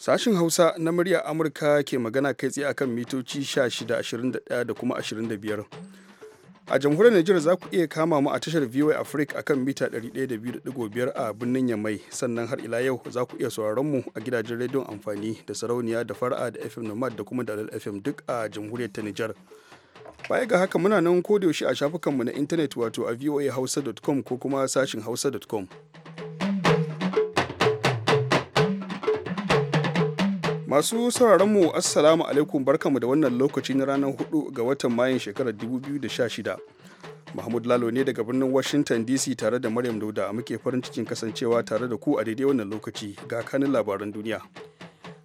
Sashin Hausa na murya Amurka ke magana kai tsaye akan mitoci 16, da kuma 25. A jamhuriyar Nijar za ku iya kama mu a tashar VOA Africa akan mita 102.5 a birnin Yamai sannan har ila yau za ku iya sauraron mu a gidajen rediyon amfani da sarauniya da fara'a da FM Nomad da kuma Dalal FM duk a jamhuriyar ta Nijar. Baya ga haka muna nan ko yaushe a shafukanmu na intanet wato a voahausa.com ko kuma sashin hausa.com. Masu sauraronmu Assalamu alaikum barkamu da wannan lokaci na ranar 4 ga watan Mayun shekarar 2016. Mahmud Lalo ne daga birnin Washington DC tare da Maryam Dauda muke farin cikin kasancewa tare da ku a daidai wannan lokaci ga kanin labaran duniya.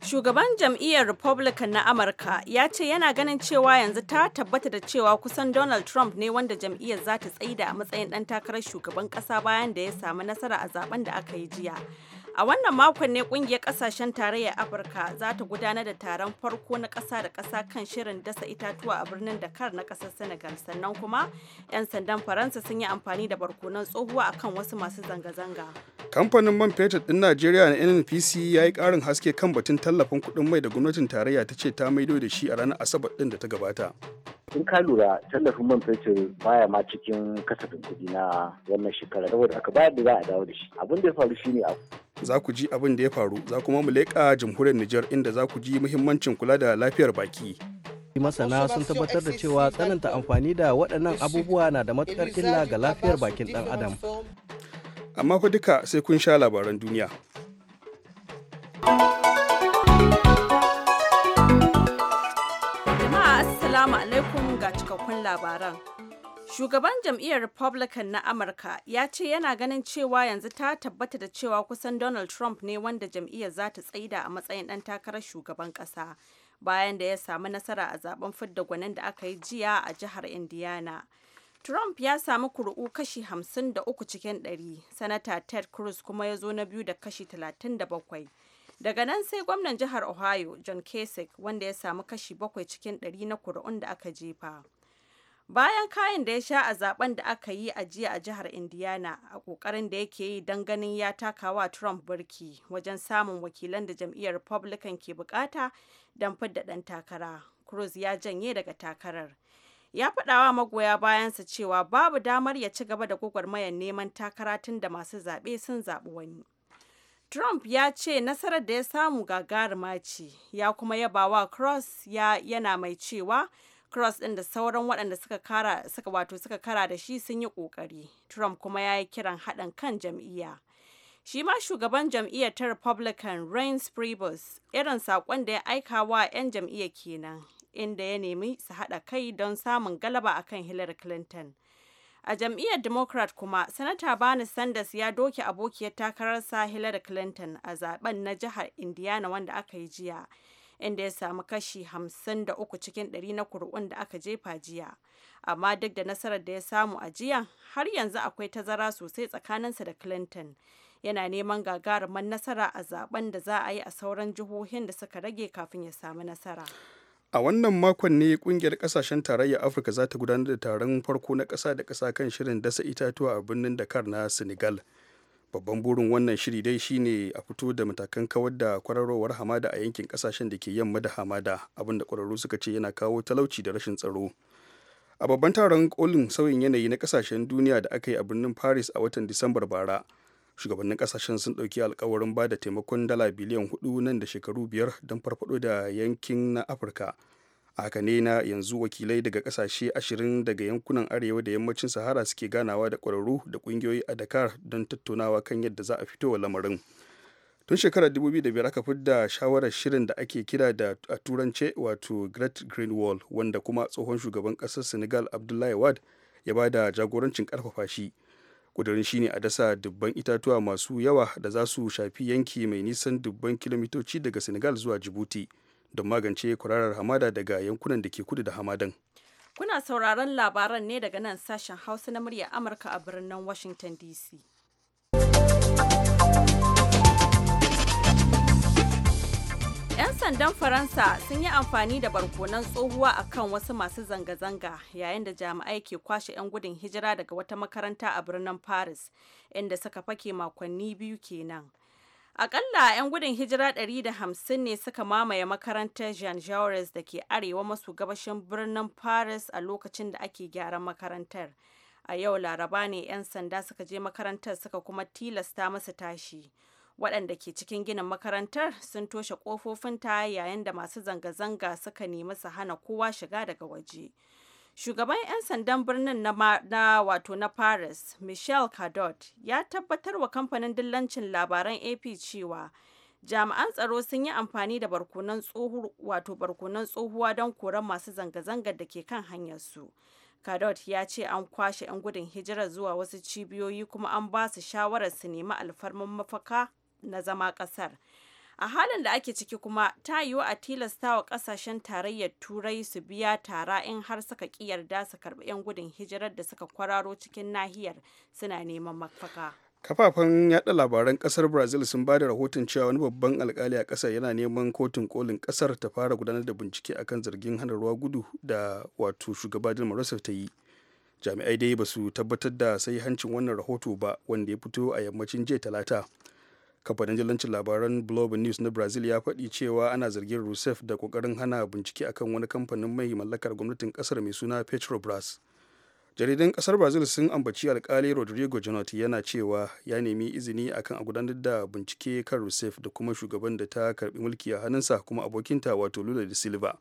Shugaban jam'iyyar Republican na Amurka ya ce yana ganin cewa yanzu ta tabbata da cewa kusan Donald Trump ne wanda jam'iyyar za ta tsaida a matsayin ɗan takarar shugaban ƙasa bayan da ya samu nasara a zaben da aka yi jiya. A wannan makon ne kungiyar kasashen tarayyar Afirka za ta gudanar da taron farko na ƙasa da ƙasa kan shirin dasa itatuwa a birnin Dakar na ƙasar Senegal. Sannan kuma 'yan sandan Faransa sun yi amfani da barkonon tsohuwa akan wasu masu zanga-zanga. Kamfanin man fetur din Najeriya na NNPC ya yi ƙarin haske kan batun tallafin kuɗin mai da gwamnatin tarayya ta ce ta maido da shi a ranar Asabar ɗin da ta gabata. in ka lura tallafin man fetur baya ma cikin kasafin kuɗi na wannan shekara saboda aka bayar da za a dawo da shi abin da ya faru shine a za ku ji abin da ya faru za kuma mu leƙa jamhuriyar Nijar inda za ku ji muhimmancin kula da lafiyar baki masana sun tabbatar da cewa tsananta amfani da waɗannan abubuwa na da matuƙar illa ga lafiyar bakin ɗan adam amma fa duka sai kun sha labaran duniya cikakkun labaran. Shugaban jam'iyyar Republican na Amurka ya ce yana ganin cewa yanzu ta tabbata da cewa kusan Donald Trump ne wanda jam'iyyar za ta tsaida a matsayin ɗan takarar shugaban ƙasa bayan da ya samu nasara a zaben fidda gwanin da aka yi jiya a jihar Indiana. Trump ya samu kuri'u kashi 53 cikin 100, Sanata Ted Cruz kuma ya zo na biyu da kashi 37. Daga nan sai gwamnan jihar Ohio, John Kasich, wanda ya samu kashi bakwai cikin 100 na kuri'un da aka jefa. bayan kayan da ya sha a zaben da aka yi a jiya a jihar indiana a kokarin da yake yi don ganin ya takawa trump burki wajen samun wakilan da jam'iyyar republican ke bukata don fidda dan takara cruz ya janye daga takarar ya faɗawa magoya bayansa cewa babu damar ya ci gaba da gwagwarmayar neman takara tun da masu zaɓe sun zaɓi wani Trump ya ce nasarar da ya samu gagarumaci ya kuma yaba wa Cross ya yana mai cewa Cross ɗin da sauran waɗanda suka kara suka wato suka kara da shi sun yi ƙoƙari. Trump kuma ya yi kiran haɗin kan jam'iyya. Shi ma shugaban jam'iyyar ta Republican Reince Priebus irin saƙon da ya aika wa 'yan jam'iyyar kenan inda ya nemi su haɗa kai don samun galaba akan Hillary Clinton. A jam'iyyar Democrat kuma, Sanata Bernie Sanders ya doke abokiyar takararsa Hillary Clinton a zaben na jihar Indiana wanda aka yi jiya. inda ya samu kashi 53 cikin 100 na kuri'un da aka jefa jiya. Amma duk da nasarar da ya samu a jiya, har yanzu akwai tazara sosai tsakaninsa da Clinton. Yana neman gagarumar nasara a zaben da za a yi a sauran jihohin da suka rage kafin ya samu nasara. a wannan makon ne kungiyar kasashen tarayyar afirka za ta gudanar da taron farko na kasa da kasa kan shirin dasa itatuwa a birnin dakar na senegal babban burin wannan shiri dai shine a fito da matakan kawar da kwararowar hamada a yankin kasashen da ke yamma da hamada abinda kwararru suka ce yana kawo talauci da rashin tsaro a babban taron kolin sauyin yanayi na kasashen duniya da aka yi a birnin paris a watan disambar bara shugabannin kasashen sun ɗauki alkawarin ba da taimakon dala biliyan hudu nan da shekaru biyar don farfado da yankin na afirka haka ne na yanzu wakilai daga kasashe ashirin daga yankunan arewa da yammacin sahara suke ganawa da kwararru da kungiyoyi a dakar don tattaunawa kan yadda za a fito wa lamarin tun shekarar 2005 aka fidda shawarar shirin da ake kira da a turance wato great green wall wanda kuma tsohon shugaban kasar senegal abdullahi wad ya ba da jagorancin karfafa shi kudurin shine a dasa dubban itatuwa masu yawa da za su shafi yanki mai nisan dubban kilomitoci daga senegal zuwa jibuti don magance kwararar hamada daga yankunan da ke kudu da hamadan. Kuna sauraron labaran ne daga nan sashen Hausa na murya Amurka a birnin Washington DC. ‘Yan sandan Faransa sun yi amfani da barkonan tsohuwa a kan wasu masu zanga-zanga yayin da jami'ai ke kwashe 'yan gudun hijira daga wata makaranta a birnin Paris, inda suka fake makonni biyu kenan. Akalla 'yan gudun hijira 150 ne suka mamaye makarantar Jean Jaurès da ke arewa masu gabashin birnin Paris a lokacin da ake gyaran makarantar. A yau laraba ne 'yan sanda suka je makarantar suka kuma tilasta masa tashi. Waɗanda ke cikin ginin makarantar sun toshe ƙofofinta yayin da masu zanga-zanga suka nemi su hana kowa shiga daga waje. shugaban 'yan sandan birnin na, wato na paris michel cadot ya tabbatar wa kamfanin dillancin labaran ap cewa jami'an tsaro sun yi amfani da barkunan wato tsohuwa don koran masu zanga-zangar da ke kan hanyar su cadot ya ce an kwashe 'yan gudun hijirar zuwa wasu cibiyoyi kuma an ba su shawarar su nemi alfarmin mafaka na zama kasar a halin da ake ciki kuma ta yiwu a tilasta wa kasashen tarayyar turai su biya tara in har suka ki yarda su karbi 'yan gudun hijirar da suka kwararo cikin nahiyar suna neman mafaka kafafen yada labaran kasar brazil sun ba da rahoton cewa wani babban alkali a kasar yana neman kotun kolin kasar ta fara gudanar da bincike akan zargin hana ruwa gudu da wato shugaba dilma rousseff ta yi jami'ai dai ba su tabbatar da sai hancin wannan rahoto ba wanda ya fito a yammacin jiya talata kamfanin dillancin labaran blob news na brazil ya faɗi cewa ana zargin rusef da kokarin hana bincike akan wani kamfanin mai mallakar gwamnatin ƙasar mai suna petrobras jaridan ƙasar brazil sun ambaci alkali rodrigo janot yana cewa ya nemi izini akan a gudanar da bincike kan rusef da kuma shugaban da ta karbi mulki a hannunsa kuma abokinta wato lula da silva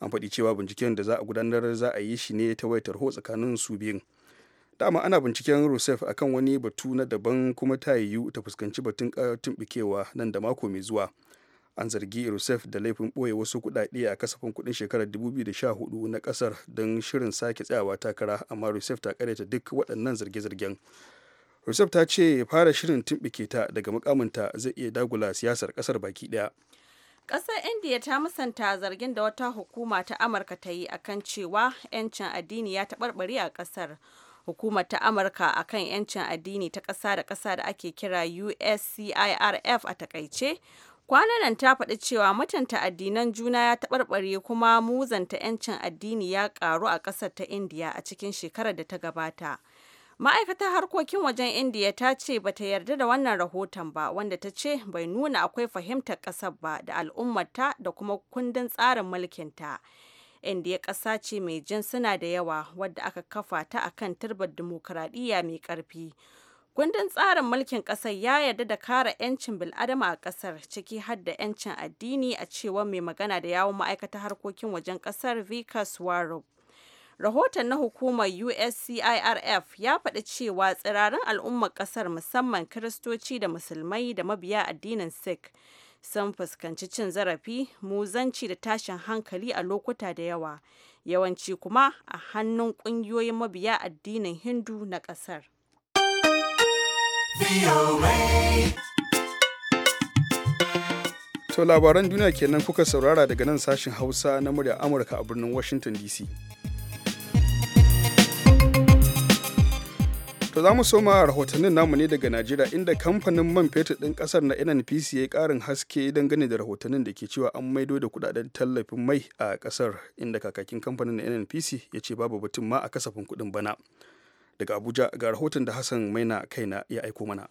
an faɗi cewa binciken da za a gudanar za a yi shi ne ta wayar tarho tsakanin su biyun dama ana binciken a akan wani batu na daban kuma ta yiwu ta fuskanci batun tumbikewa nan da mako mai zuwa an zargi rousseff da laifin ɓoye wasu kuɗaɗe a kasafin kuɗin shekarar 2014 na ƙasar don shirin sake tsayawa takara amma rousseff ta karyata duk waɗannan zarge-zargen rousseff ta ce fara shirin tumbike ta daga mukaminta zai iya dagula siyasar ƙasar baki ɗaya Ƙasar india ta musanta zargin da wata hukuma ta Amurka ta yi akan cewa 'yancin addini ya taɓarɓare a ƙasar hukumar ta amurka a kan yancin addini ta ƙasa da ƙasa da ake kira uscirf a takaice kwanan nan ta faɗi cewa mutunta addinan juna ya taɓarɓare kuma muzanta 'yancin addini ya ƙaru a ƙasar ta indiya a cikin shekarar da ta gabata ma'aikatar harkokin wajen indiya ta ce ba ta yarda da wannan rahoton ba wanda ta ce bai nuna akwai fahimtar ƙasar ba da al'ummarta da kuma kundin tsarin mulkinta. ta indiya ƙasa ce mai jinsuna da yawa wadda aka kafa ta a kan turbar dimokuraɗiyya mai ƙarfi Kundin tsarin mulkin ƙasar ya yarda da kare 'yancin bil'adama a ƙasar ciki har da 'yancin addini a cewa mai magana da yawon ma'aikatar harkokin wajen ƙasar Vikas Suwarov. Rahoton na hukumar USCIRF ya faɗi cewa tsirarin al'ummar ƙasar musamman Kiristoci da Musulmai da mabiya addinin Sikh sun fuskanci cin zarafi muzanci da tashin hankali a lokuta da yawa yawanci kuma a hannun ƙungiyoyin mabiya addinin hindu na ƙasar To labaran duniya kenan kuka saurara daga nan sashin hausa na murya amurka a birnin washington dc To za mu soma rahotannin namu ne daga Najeriya inda kamfanin man fetur ɗin ƙasar na NNPC ya ƙarin haske dangane da rahotannin da ke cewa an maido da kuɗaɗen tallafin mai a ƙasar inda kakakin kamfanin na NNPC ya ce babu batun ma a kasafin kuɗin bana. Daga Abuja ga rahoton da Hassan Maina kaina ya aiko mana.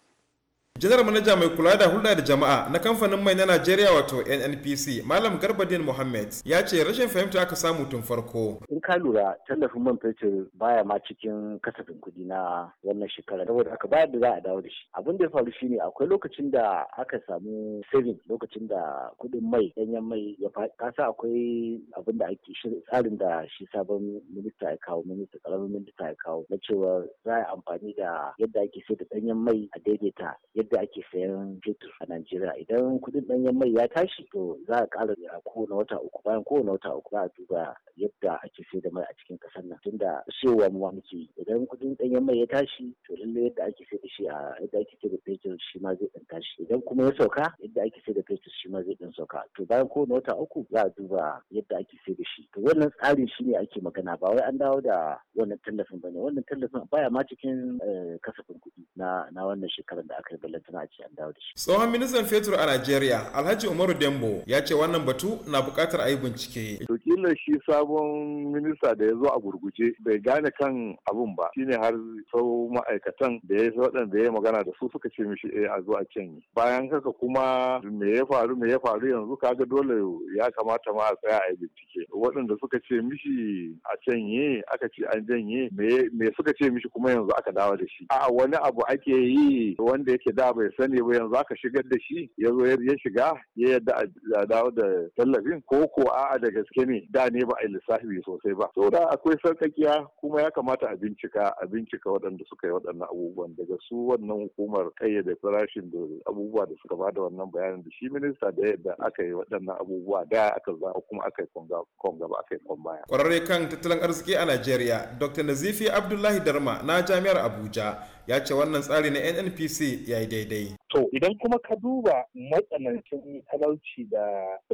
janar manaja mai kula da hulɗa da jama'a na kamfanin mai na najeriya wato nnpc malam garbadin mohammed ya ce rashin fahimta aka samu tun farko in ka lura tallafin man fetur baya ma cikin kasafin kuɗi na wannan shekara saboda aka bayar da za a dawo da shi abin da ya faru shine akwai lokacin da aka samu saving lokacin da kuɗin mai ɗanyen mai ya kasa akwai abin da ake shirin tsarin da shi sabon minista ya kawo minista ƙaramin minista ya kawo na cewa za a amfani da yadda ake sai da ɗanyen mai a daidaita yadda ake sayan fetur a Najeriya idan kudin ɗanyen mai ya tashi to za a ƙara a kowane wata uku bayan kowane wata uku za a duba yadda ake sai da mai a cikin ƙasar nan tunda sewa mu muke idan kudin ɗanyen mai ya tashi to lalle yadda ake sai da shi a yadda ake sai da fetur shi ma zai ɗan tashi idan kuma ya sauka yadda ake sai da fetur shi ma zai ɗan sauka to bayan kowane wata uku za a duba yadda ake sai da shi to wannan tsarin shi ne ake magana ba wai an dawo da wannan tallafin ba ne wannan tallafin baya ma cikin eh, kasafin kuɗi na na wannan shekarar da aka yi da suna ce an dawo da shi. Tsohon ministan fetur a Najeriya Alhaji Umaru Dembo ya ce wannan batu na buƙatar a yi bincike. To kila shi sabon minista da ya zo a gurguje bai gane kan abun ba Shi ne har sau ma'aikatan da ya waɗanda ya magana da su suka ce mishi eh a zo a canye. Bayan haka kuma me ya faru me ya faru yanzu kaga dole ya kamata ma a tsaya a yi bincike. Waɗanda suka ce mishi a can yi, aka ce an janye me suka ce mishi kuma yanzu aka dawo da shi. A wani abu ake yi wanda yake da da bai sani ba yanzu aka shigar da shi ya zo ya shiga ya yadda a dawo da tallafin ko ko a'a da gaske ne da ne ba a yi lissafi sosai ba saboda akwai sarkakiya kuma ya kamata a bincika a bincika waɗanda suka yi waɗannan abubuwan daga su wannan hukumar kayyade farashin da abubuwa da suka bada wannan bayanin da shi minista da yadda aka yi waɗannan abubuwa da aka za kuma aka yi kwanga ba aka yi kon baya kwararre kan tattalin arziki a Najeriya Dr. Nazifi Abdullahi Darma na Jami'ar Abuja ya ce wannan tsari na NNPC ya yi daidai. To idan kuma ka duba matsanancin talauci da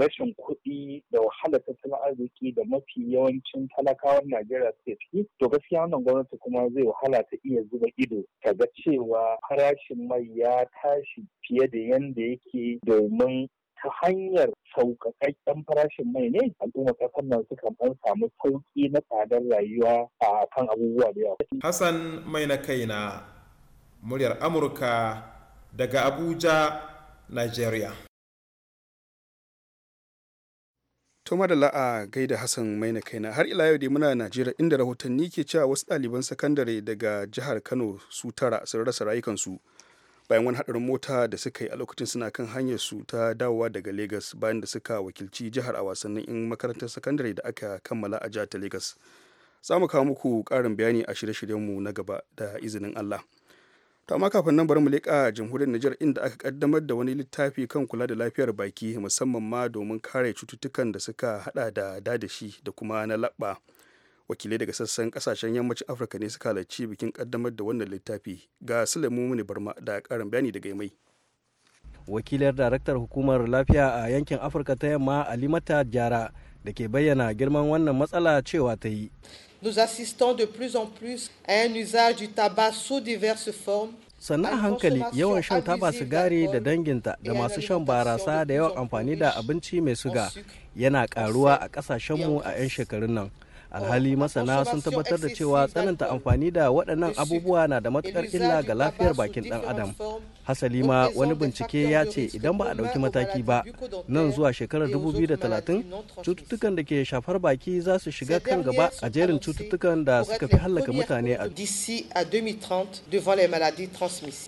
rashin kuɗi da wahalar tattalin arziki da mafi yawancin talakawan Najeriya suke ciki, to gaskiya wannan gwamnati kuma zai wahala ta iya zuba ido ta ga cewa farashin mai ya tashi fiye da yanda yake domin ta hanyar sauƙaƙaƙƙen farashin mai ne al'ummar ƙasar nan suka ɗan samu sauƙi na tsadar rayuwa a kan abubuwa da yawa. Hassan mai na kaina muryar Amurka daga abuja nigeria Toma da la'a gaida hassan maina kaina har ila yau dai muna najeriya inda rahotanni ke cewa wasu ɗaliban sakandare daga jihar kano su tara sun rasa rayukansu bayan wani haɗarin mota da suka yi a lokacin suna kan hanyar su ta dawowa daga lagos bayan da suka wakilci jihar a wasannin in makarantar sakandare da aka kammala a jihar ta lagos za mu kawo muku ƙarin bayani a shirye-shiryenmu na gaba da izinin allah to amma kafin nan bari mu leƙa jamhuriyar Nijar inda aka kaddamar da wani littafi kan kula da lafiyar baki musamman ma domin kare cututtukan da suka hada da dadashi da kuma na laɓa wakilai daga sassan kasashen yammacin afirka ne suka halarci bikin kaddamar da wannan littafi ga sulaimu barma da karin bayani daga mai wakilar daraktar hukumar lafiya a yankin afirka ta yamma alimata jara da ke bayyana girman wannan matsala cewa ta yi nous assistons de plus en plus à un usage du tabac sous diverses formes. Sannan hankali yawan shan taba sigari da danginta da masu shan barasa da yawan amfani da abinci mai suga yana karuwa a kasashenmu a 'yan shekarun nan. alhali masana sun tabbatar da cewa tsananta amfani da waɗannan abubuwa na da matuƙar illa ga lafiyar bakin ɗan adam hasali ma wani bincike ya ce idan ba a ɗauki mataki ba nan zuwa shekarar 2030 cututtukan da ke shafar baki za su shiga kan gaba a jerin cututtukan da suka fi hallaka mutane a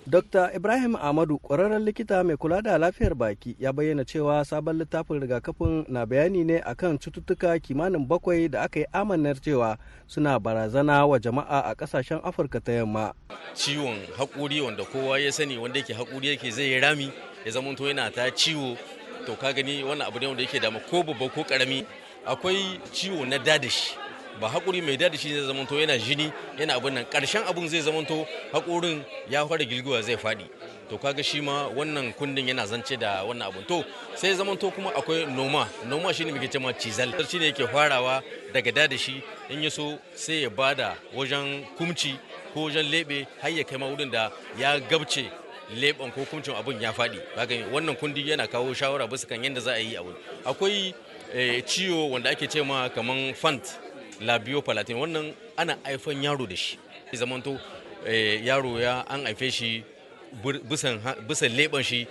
dr ibrahim amadu ƙwararren likita mai kula da lafiyar baki ya bayyana cewa sabon littafin rigakafin na bayani ne akan cututtuka kimanin bakwai da aka yi amanar cewa suna barazana wa jama'a a kasashen afirka ta yamma ciwon haƙuri wanda kowa ya sani wanda yake haƙuri yake zai yi rami ya zama to yana ta ciwo to ka gani wannan abu ne wanda yake dama ko babba ko karami akwai ciwo na dadashi ba haƙuri mai dadashi zai zama to yana jini yana abin nan ƙarshen abun zai zama to haƙurin ya fara girgiwa zai faɗi to kaga shi ma wannan kundin yana zance da wannan abun to sai zaman to kuma akwai noma noma shine muke cewa cizal shine yake farawa daga dadashi in ya so sai ya bada wajen kumci ko wajen lebe har ya kai ma wurin da ya gabce leɓen ko kuncin abun ya faɗi wannan kundi yana kawo shawara bisa kan yadda za a yi abu akwai eh, ciwo wanda ake ce ma kaman fant palatin wannan ana haifan yaro da shi zamanto eh, yaro ya an haife shi bisa leɓen shi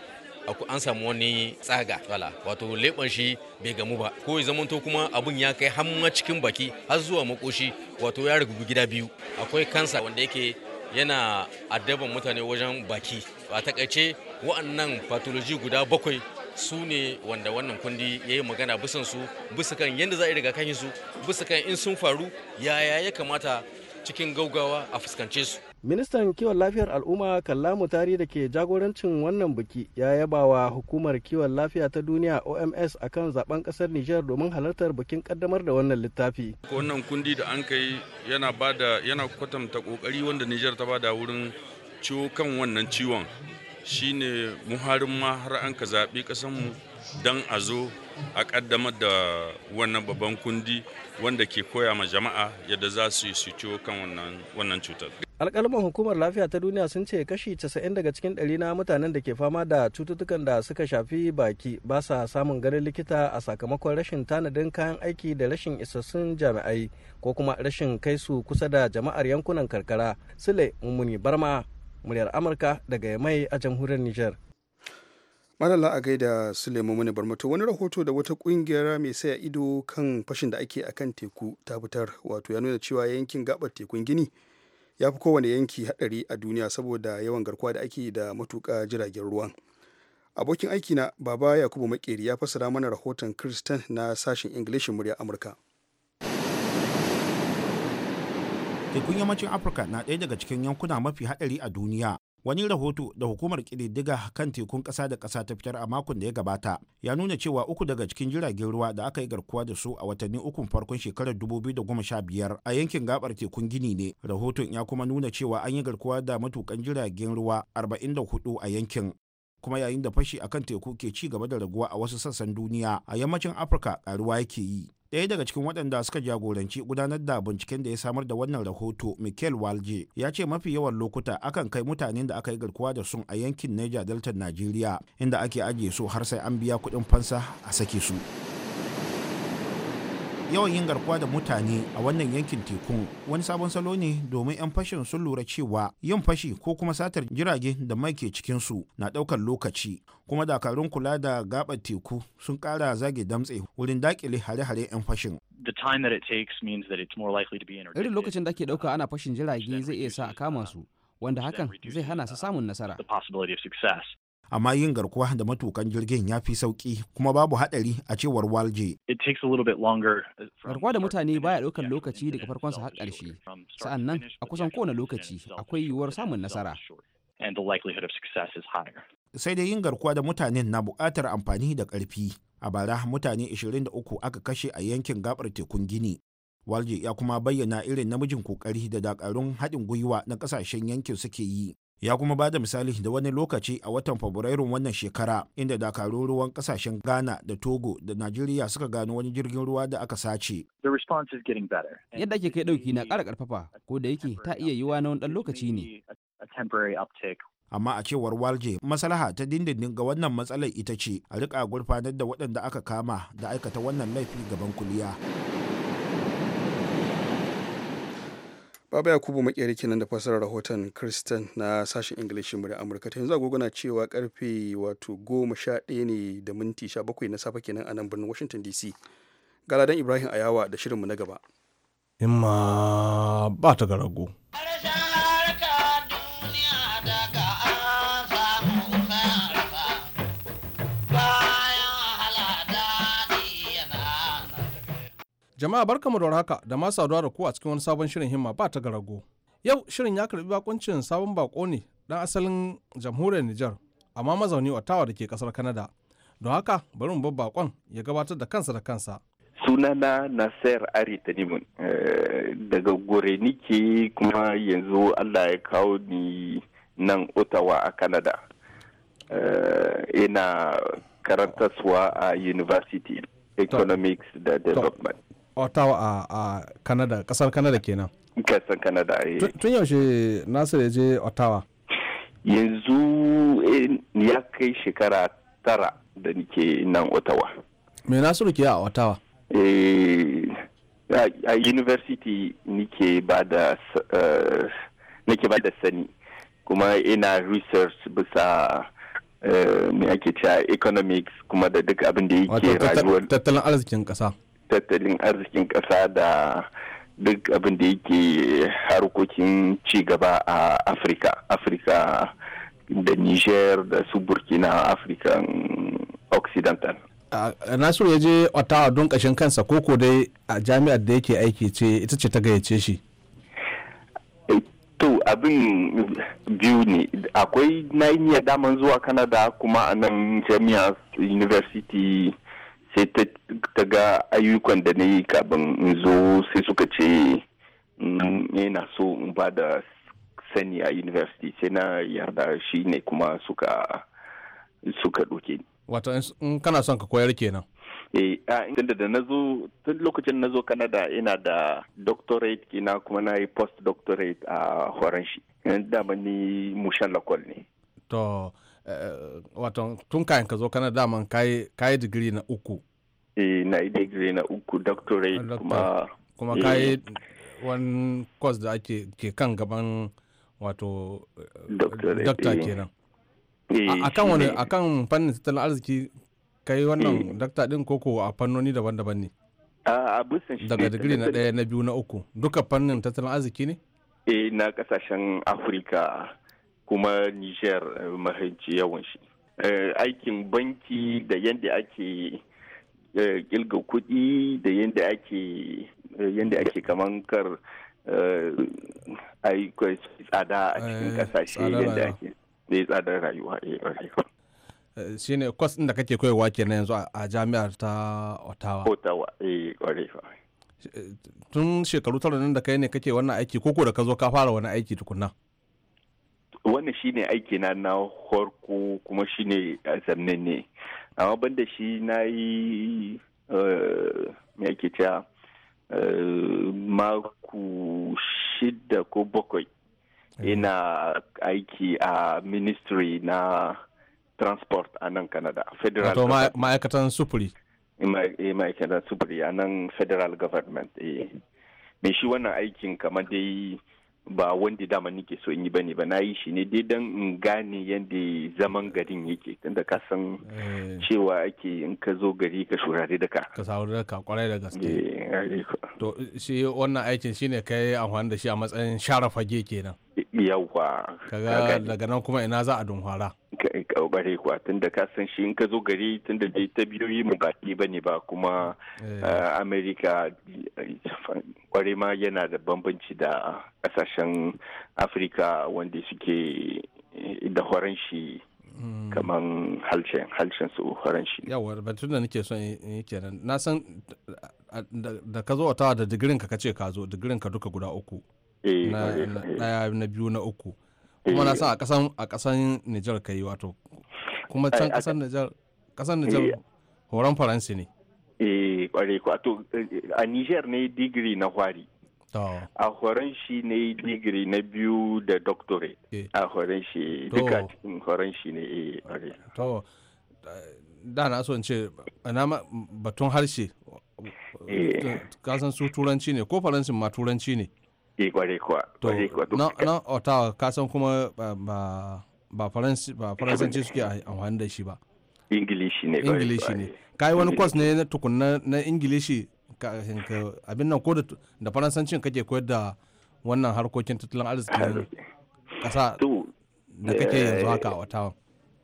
an samu wani tsaga wala wato leban shi bai gamu ba ko ya zamanto kuma abun ya kai hamma cikin baki har zuwa makoshi wato ya gida biyu akwai kansa wanda yake yana addaban mutane wajen baki a takaice wa'annan pathology guda bakwai su ne wanda wannan kundi ya yi magana bisan su bisa kan yadda za a yi kan su bisa kan in sun faru yaya ya kamata cikin gaugawa a fuskance su ministan kiwon lafiyar al'umma kallamu mutari da ke jagorancin wannan biki ya yaba wa hukumar kiwon lafiya ta duniya oms akan zaben kasar niger domin halartar bikin kaddamar da wannan littafi wannan kundi da an kai yana kwatanta kokari wanda niger ta bada wurin ciwo kan wannan ciwon shine muharin ma har an ka zaɓi ƙasanmu don a zo a ƙaddamar da wannan babban kundi wanda ke koya ma jama'a yadda za su yi su ciwo kan wannan cutar. alƙalman hukumar lafiya ta duniya sun ce kashi 90 daga cikin ɗari na mutanen da ke fama da cututtukan da suka shafi baki ba sa samun ganin likita a sakamakon rashin tanadin kayan aiki da rashin isassun jami'ai ko kuma rashin kai su kusa da jama'ar yankunan karkara sule mummuni barma muryar amurka daga mai a jamhuriyar niger madalla a gaida suleiman mani barmato wani rahoto da wata kungiyar mai saya ido kan fashin da ake akan teku ta fitar wato ya nuna cewa yankin gabar tekun gini ya fi kowane yanki hadari a duniya saboda yawan garkuwa da ake da matuka jiragen ruwan abokin aikina baba yakubu makeri ya fasara mana rahoton kristan na sashen ingilishin murya amurka tekun yammacin afirka na ɗaya daga cikin yankuna mafi haɗari a duniya wani rahoto da hukumar ƙididdiga kan tekun ƙasa da ƙasa ta fitar a makon da ya gabata ya nuna cewa uku daga cikin jiragen ruwa da aka yi garkuwa da su a watanni ukun farkon shekarar 2015 a yankin gabar tekun gini ne rahoton ya kuma nuna cewa an yi garkuwa da matukan jiragen ruwa 44 a yankin kuma yayin da fashi kan teku ke ci gaba da raguwa a wasu sassan duniya a yammacin afirka karuwa yake yi daya daga cikin waɗanda suka jagoranci gudanar da binciken da ya samar da wannan rahoto michael walje ya ce mafi yawan lokuta akan kai mutanen da aka yi garkuwa da sun a yankin niger delta nigeria inda ake ajiye su har sai an biya kuɗin fansa a sake su. yawan yin garkuwa da mutane a wannan yankin tekun wani sabon salo ne domin 'yan fashin sun lura cewa yin fashi ko kuma satar jirage da mai ke cikinsu na ɗaukar lokaci kuma dakarun kula da gaɓar teku sun ƙara zage damtse wurin dakile hare-hare 'yan fashin irin lokacin da ke ɗauka ana fashin jirage zai iya sa a kama su wanda hakan zai hana su samun nasara amma yin garkuwa da matukan jirgin ya fi sauki kuma babu hadari a cewar walje uh, garkuwa da mutane baya ɗaukar lokaci daga farkonsa har ƙarshe sa'annan a kusan kowane lokaci akwai yiwuwar samun nasara sai dai yin garkuwa da mutanen na buƙatar amfani da ƙarfi a bara mutane 23 aka kashe a yankin gabar tekun gini walje ya kuma bayyana irin namijin kokari da dakarun haɗin gwiwa na ƙasashen yankin suke yi ya kuma ba da misali da wani lokaci a watan fabrairun wannan shekara inda dakarun ruwan kasashen ghana da togo da najeriya suka gano wani jirgin ruwa da aka sace yadda ake kai dauki na kara karfafa ko da yake ta iya yiwa na wani dan lokaci ne amma a cewar walje masalaha ta dindindin ga wannan matsalar ita ce a rika gurfanar da waɗanda aka kama da aikata wannan laifi gaban kuliya Baba Yakubu makeri kenan da fassarar rahoton Kristen na sashen Ingilishin mu da Amurka ta yanzu na cewa karfe wato goma sha ɗaya ne da minti sha bakwai na safe kenan a nan birnin Washington DC. Galadan Ibrahim Ayawa da shirinmu na gaba. Imma ba ta ga Jama'a barkamu da haka da ma saduwa da ku a cikin wani sabon shirin himma ba ta garago. Yau shirin ya karbi bakuncin sabon bako ne dan asalin jamhuriyar Nijar amma mazauni Ottawa da ke kasar kanada Don haka bari mu bar bakon ya gabatar da kansa da kansa. sunana nasir ari tanimun eh, daga gore nike kuma yanzu allah ya kawo ni nan ottawa a kanada eh, ina karantarsuwa a university economics da development ottawa a, Kanada, canada kasar canada kenan kasar canada eh. tun yaushe nasir ya je ottawa yanzu eh, ya kai shekara tara da nike nan ottawa me nasiru ke a ottawa eh, a university nike ba da nike ba da sani kuma ina research bisa me ake cewa economics kuma da duk abin da yake rayuwar tattalin arzikin kasa tattalin arzikin ƙasa da duk abin da yake harkokin ci gaba a afirka afirka da niger da su burkina afirka occidental nasiru ya je ottawa don ƙashin kansa koko dai a jami'ar da yake aiki ce ita ce ta gayyace shi eh, to abin biyu ne akwai na iya daman zuwa kanada kuma a nan jami'ar university sai ta ga ayyukan da na yi kafin in zo sai suka ce yana mm, so in ba da sani a university sai na yarda shi ne kuma suka suka doke ni wato in kana son ka koyar kenan eh a inda da nazo tun lokacin nazo Canada ina da doctorate kina kuma na yi post doctorate a horanshi shi da ni mushan lakol ne to Eh, wato tun kayan ka zo kana daman kayi digiri na uku eh, na yi digiri na uku doctorate ah, kuma kuma kayi eh. wani course da ake ke kan gaban wato doctor kenan akan wani akan fannin tattalin arziki kai wannan doctor din koko a fannoni daban-daban ne a daga digiri na daya na biyu na uku duka fannin tattalin arziki ne eh na kasashen afirka kuma niger eh, mahaici yawan shi eh, aikin banki da yadda ake kilga eh, kuɗi da yadda ake yadda ake kamankar kar aiko tsada a cikin kasashe yadda ake zai tsadar rayuwa shi ne kwas da kake koyarwa na yanzu a jami'ar ta ottawa ottawa eh tun shekaru tara nan da kai ne kake wannan aiki koko da ka zo ka fara wani aiki tukunna wannan shine aiki na na farko kuma shine eh, zannan ne amma banda shi na yi eh, me ake cewa eh, maku shida ko bakwai ina aiki a ministry na transport a nan canada federal ma'aikatan sufuri ma'aikatan sufuri a nan federal government eh mai shi wannan aikin kamar dai ba wanda dama nike so in yi bane ba na yi shi ne dai don in gane yadda zaman garin yake tunda ka san eh. cewa ake in ka zo gari ka shurare da ka ka saurari da ka kwarai da gaske eh, to shi wannan aikin shine ka yi amfani da shi a matsayin share fage kenan yawwa kaga daga nan kuma ina za a dunhwara bare kuwa tunda ka san shi in ka zo gari tunda dai ta biyoyi mu ba ba ne ba kuma eh. amerika kwarai ma yana da bambanci da kasashen afirka wanda suke eh, da horon shi hmm. kamar halshen halshen su horon shi da batun da nake son yi kenan na san da ka zo wata da digirin ka kace ka zo digirin ka duka guda uku eh, na na biyu na uku kuma na san a kasan eh. a kasan Niger kai wato kuma can kasan Niger kasan Niger horon faransi ne kware ku a Niger ne digiri na hwari a horon shi ne digiri na biyu da doctorate e. a horon shi duka cikin horon shi ne eh, to da na so in ce na batun harshe eh. kasan su turanci ne ko faransin ma turanci ne e kware kuwa to kuwa na otawa oh, kasan kuma ba faransanci suke amfani da shi ba ingilishi ne ingilishi ne kai wani kwas ne na tukun na ingilishi abin nan ko da faransancin kake koyar da wannan harkokin tattalin arzikin kasa da kake yanzu haka a watawan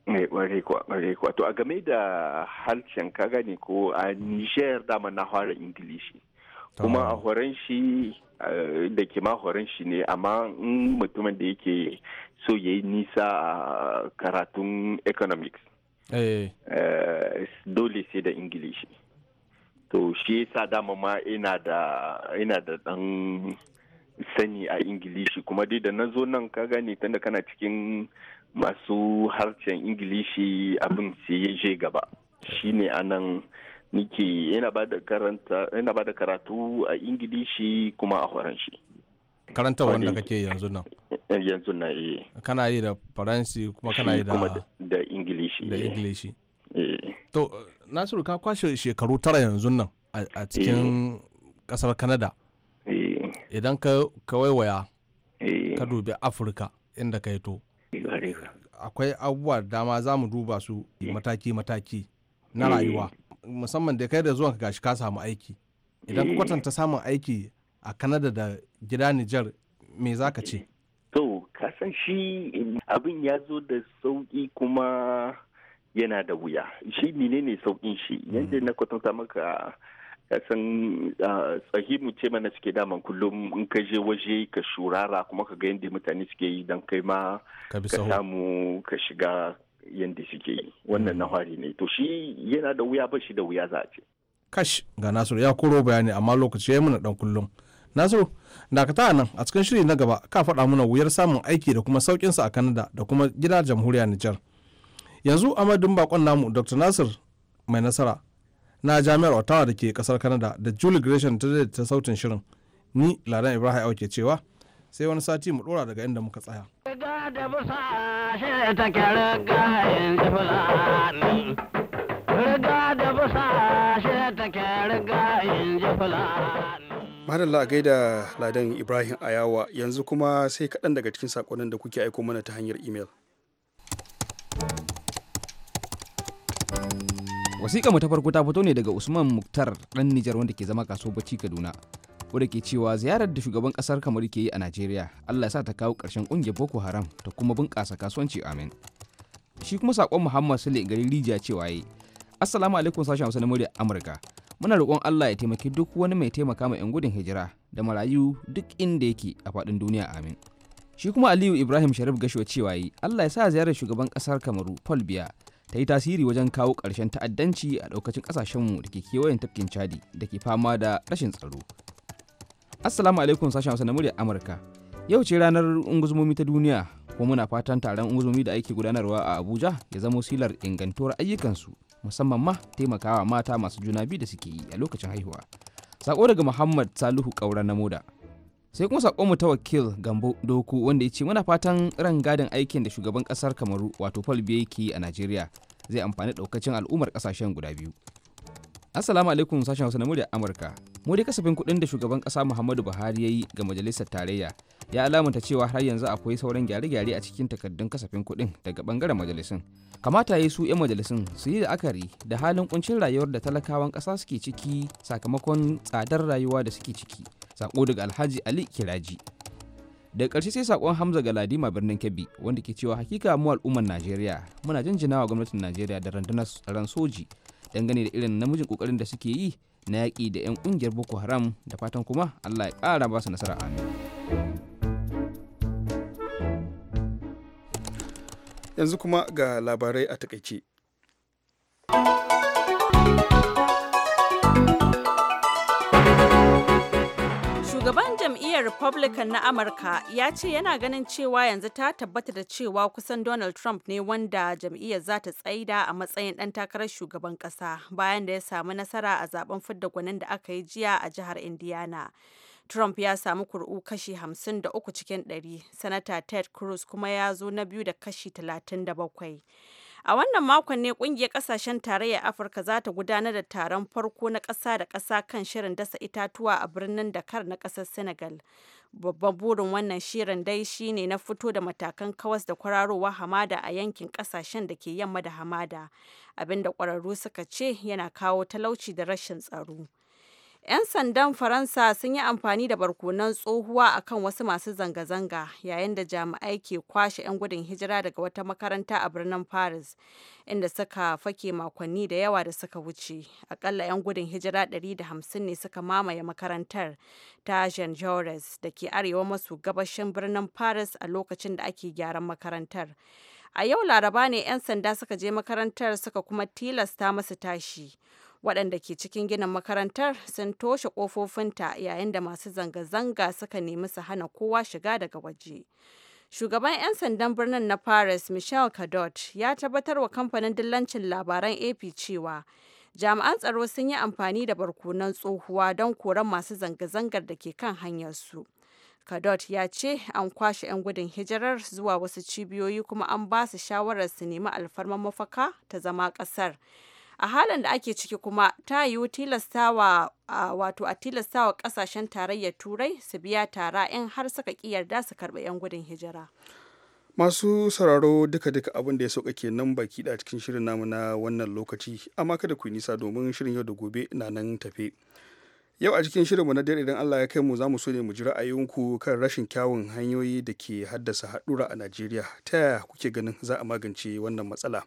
mai kware kuwa kware kuwa to a game da harshen ka gani ko a niger dama na fara ingilishi kuma a horon shi eh, da ke ma horon shi ne amma mutumin da yake so ya yi nisa a karatun economics Eh. Eh, dole sai da ingilishi to shi yasa dama ma ina da ina da dan sani a ingilishi kuma dai da na zo nan ka gani tunda kana cikin masu harshen ingilishi abin sai ya je gaba shine anan nike yana ba da karanta yana ba da karatu a ingilishi kuma a horon karanta wanda kake yanzu nan yanzu na iya kana yi da faransi kuma kana yi da ingilishi da eh. ingilishi eh. to nasiru ka kwashe shekaru tara yanzu nan a cikin kasar eh. kanada idan ka waiwaya ka dubi afirka inda ka yi to akwai abubuwa dama za mu duba su mataki-mataki na rayuwa musamman da kai da zuwan ka gashi ka samu aiki idan ka kwatanta samun aiki a kanada da gida nijar me za ka ce kasan shi abin ya zo da sauƙi kuma yana da wuya shi menene sauƙin shi hmm. yadda na kwatanta maka kasan mu ce mana suke daman kullum in ka je waje ka shurara kuma ka ga yadda mutane suke yi don kai ma ka samu ka shiga yadda suke yi wannan hmm. na hari ne to shi yana da wuya ba shi da wuya za a ce kash ga nasiru ya koro bayani amma lokaci ya yi mana dan kullum nasiru dakata a nan a cikin shiri na gaba ka faɗa mana wuyar samun aiki da kuma sauƙinsa a kanada da kuma gida jamhuriya nijar yanzu amadin bakon namu dr nasir mai nasara na jami'ar ottawa da ke kasar kanada da julie gresham ta ta sautin shirin ni ladan ibrahim auke cewa sai wani sati mu dora daga inda muka tsaya Riga da busa shi take riga in ji fulani. Madalla gaida Ladan Ibrahim Ayawa yanzu kuma sai kaɗan daga cikin saƙonin da kuke aiko mana ta hanyar imel. Wasiƙa mu ta farko ta fito ne daga Usman Muktar ɗan Nijar wanda ke zama kaso bacci Kaduna. Wanda ke cewa ziyarar da shugaban ƙasar kamar ke yi a Najeriya Allah ya sa ta kawo ƙarshen ƙungiyar Boko Haram ta kuma bunƙasa kasuwanci amin. Shi kuma saƙon Muhammad Sule gari Rija cewa yi Assalamu alaikum sashen Hausa na murya Amurka. Muna roƙon Allah ya taimaki duk wani mai taimaka ma 'yan gudun hijira da marayu duk inda yake a faɗin duniya amin. Shi kuma Aliyu Ibrahim Sharif Gashuwa cewa yi Allah ya sa ziyarar shugaban ƙasar Kamaru Paul Biya ta yi tasiri wajen kawo ƙarshen ta'addanci a ɗaukacin ƙasashenmu da ke kewayen tafkin Chadi da ke fama da rashin tsaro. Assalamu alaikum sashen Hausa na murya Amurka. Yau ce ranar ungozumomi ta duniya kuma muna fatan taron unguzumomi da ake gudanarwa a Abuja ya zamo silar ingantuwar ayyukansu musamman ma taimakawa mata masu juna biyu da suke yi a lokacin haihuwa sako daga muhammad salihu kaura na moda sai kuma mu ta wakil gambo doku wanda ya ce muna fatan ran gadin aikin da shugaban kasar kamaru wato paul biya yake a najeriya zai amfani daukacin al'ummar kasashen guda biyu assalamu alaikum sashen hausa na murya amurka mu dai kasafin kuɗin da shugaban ƙasa muhammadu buhari ya yi ga majalisar tarayya ya alamanta cewa har yanzu akwai sauran gyare-gyare a cikin takardun kasafin kuɗin daga ɓangaren majalisun kamata ya yi su 'yan majalisun su yi la'akari da halin ƙuncin rayuwar da talakawan ƙasa suke ciki sakamakon tsadar rayuwa da suke ciki sako daga alhaji ali kiraji da ƙarshe sai sakon hamza ga Ladima birnin kebbi wanda ke cewa hakika mu al'ummar najeriya muna jinjinawa gwamnatin najeriya da rundunar soji dangane da irin namijin kokarin da suke yi na yaƙi da 'yan ƙungiyar boko haram da fatan kuma allah ya ƙara ba su nasara amin yanzu kuma ga labarai a takaice shugaban jam'iyyar republican na amurka ya ce yana ganin cewa yanzu ta tabbata da cewa kusan donald trump ne wanda jam'iyyar za ta tsaida a matsayin ɗan takarar shugaban ƙasa bayan da ya samu nasara a zaben fidda gwanin da aka yi jiya a jihar indiana trump ya samu kuri'u kashi 53 cikin 100 sanata ted cruz kuma ya zo na biyu da kashi 37 A wannan makon ne kungiyar kasashen tarayyar Afirka za ta gudanar da taron farko na ƙasa da ƙasa kan shirin dasa itatuwa a birnin Dakar na ƙasar Senegal. Babban burin wannan shirin dai shine na fito da matakan kawas da kwararowa hamada a yankin ƙasashen da ke yamma da hamada, abinda ƙwararru suka ce yana kawo talauci da rashin tsaro. 'Yan sandan Faransa sun yi amfani da barkonon tsohuwa a kan wasu masu zanga-zanga yayin da jami'ai ke kwashe 'yan gudun hijira daga wata makaranta a birnin Paris, inda suka fake makonni da yawa da suka wuce. Akalla 'yan gudun hijira 150 ne suka mamaye makarantar ta Jean Jaurès da ke arewa masu gabashin birnin Paris a lokacin da ake gyaran makarantar. A yau Laraba ne 'yan sanda suka je makarantar suka kuma tilasta masu tashi. waɗanda ke cikin ginin makarantar sun toshe ƙofofinta yayin da masu zanga-zanga suka nemi su hana kowa shiga daga waje. Shugaban 'yan sandan birnin na Paris, Michel Cadot, ya tabbatar wa kamfanin dillancin labaran AP cewa jami'an tsaro sun yi amfani da barkunan tsohuwa don koran masu zanga-zangar da ke kan hanyarsu. Kadot ya ce an kwashe 'yan gudun hijirar zuwa wasu cibiyoyi kuma an ba su shawarar su nemi alfarmar mafaka ta zama ƙasar a halin da ake ciki kuma ta yiwu tilastawa wato a tilastawa kasashen tarayyar turai su biya tara in har suka ki yarda su karɓi 'yan gudun hijira masu sauraro duka duka abin da ya sauka ke nan baki da cikin shirin namu na wannan lokaci amma kada ku nisa domin shirin yau da gobe na nan tafe yau a cikin shirinmu na dare idan Allah ya kai mu za mu so ne mu ji ra'ayinku kan rashin kyawun hanyoyi da ke haddasa haɗura a Najeriya ta yaya kuke ganin za a magance wannan matsala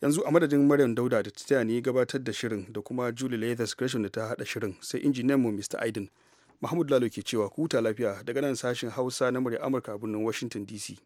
yanzu a madadin maryam dauda da ta ni gabatar da shirin da kuma julie leathers gresham da ta hada shirin sai injiniyan mu mr aiden mahmud lalo ke cewa ku huta lafiya daga nan sashen hausa na murya amurka a birnin washington dc